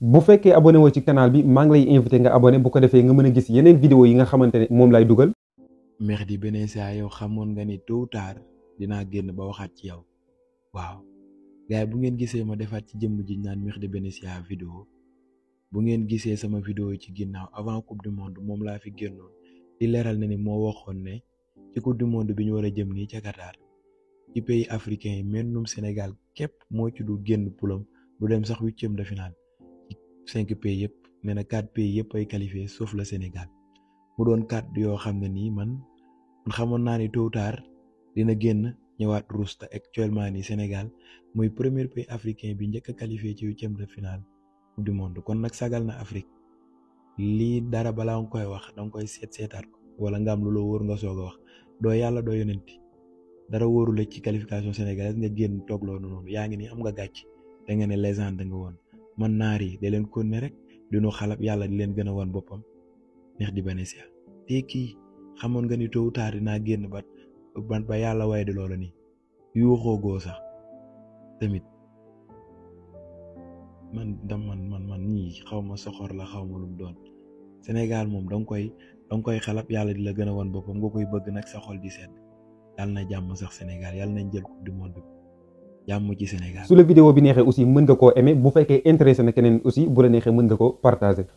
bu fekke abonné wo ci canal bi ma ngi lay invité nga abonné bu ko defee nga mëna gis yeneen vidéo yi nga xamantene mom lay duggal merdi benen sa yow xamone nga ni tôt tard dina genn ba waxat ci yow waaw gaay bu ngeen gisé ma defaat ci jëm ji ñaan merdi benen sa vidéo bu ngeen gisé sama vidéo ci ginnaw avant coupe du monde mom la fi génnoon di léral na ni mo waxon né ci coupe du monde biñu wara jëm ni ci Qatar ci pays africain yi mennum Sénégal képp moo ci du genn pulam du dem sax huitième de finale. cinq pays yëpp nee na quatre pays yëpp ay qualifié sauf la Sénégal mu doon quatre yoo xam ne nii man man xamoon naa ni tôt ou dina génn ñëwaat ruus te actuellement nii Sénégal muy premier pays africain bi njëkk a ci huitième de finale du monde kon nag sagal na Afrique lii dara balaa nga koy wax danga koy seet seetaat ko wala nga am lu la wóor nga soog a wax doo yàlla doo yonenti dara wóoru la ci qualification sénégalaise nga génn toog loolu noonu yaa ngi ni am nga gàcc da nga ne légende nga woon. man naar yi da leen kon ne rek di nu xalab yàlla di leen gën a wan boppam neex di bane sia te kii xamoon nga ni tôt di naa génn bat ban ba yàlla waaye di loola nii yuuxoo goo sax tamit man dam man man man ñii xaw ma soxor la xaw ma lu doon Sénégal moom danga koy danga koy xalab yàlla di la gën a wan boppam nga koy bëgg nag sa xol di sedd yàlla na jàmm sax Sénégal yàlla nañ jël coupe du monde bi jàmm ci Sénégal su la vidéo bi neexee aussi mën ko koo bu fekkee intéressé na keneen aussi bu la neexee mën nga ko partager